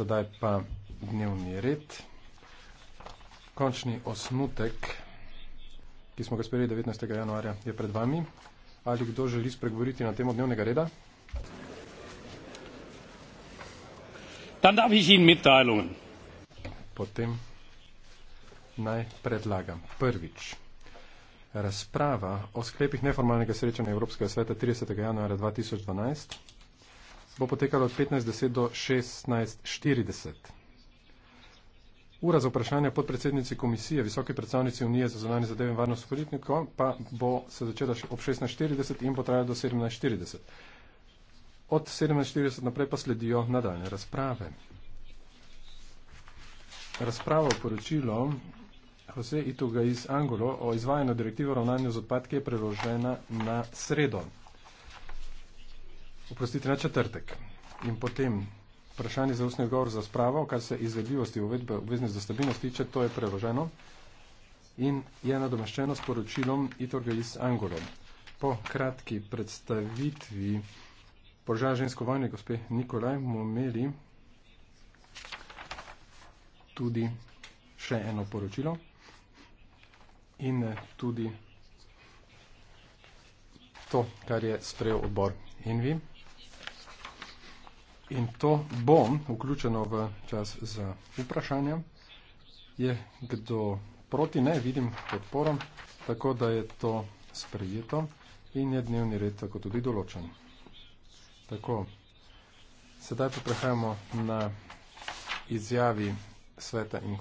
Sedaj pa dnevni red. Končni osnutek, ki smo ga sprejeli 19. januarja, je pred vami. Ali kdo želi spregovoriti na temo dnevnega reda? Dann darf ich Ihnen mitteilungen. Potem naj predlagam. Prvič. Razprava o sklepih neformalnega srečanja Evropskega sveta 30. januarja 2012 bo potekalo od 15.10 do 16.40. Ura za vprašanje podpredsednici komisije, visoke predstavnici Unije za zonanje zadeve in varnost politikov, pa bo se začela ob 16.40 in bo trajala do 17.40. Od 17.40 naprej pa sledijo nadaljne razprave. Razpravo poročilo Jose Itugais Angolo o izvajanju direktive ravnanja z odpadke je preložena na sredo oprostite, na četrtek. In potem vprašanje za ustni odgovor za spravo, kar se izvedljivosti uvedbe obvezne za stabilnost tiče, to je preloženo in je nadomeščeno s poročilom Itorga iz Angolo. Po kratki predstavitvi požar žensko vojne gospe Nikolaj bomo imeli tudi še eno poročilo in eh, tudi to, kar je sprejel odbor. In vi? In to bo vključeno v čas za vprašanja. Je kdo proti? Ne, vidim podporo, tako da je to sprejeto in je dnevni red tako tudi določen. Tako, sedaj pa prehajamo na izjavi sveta in.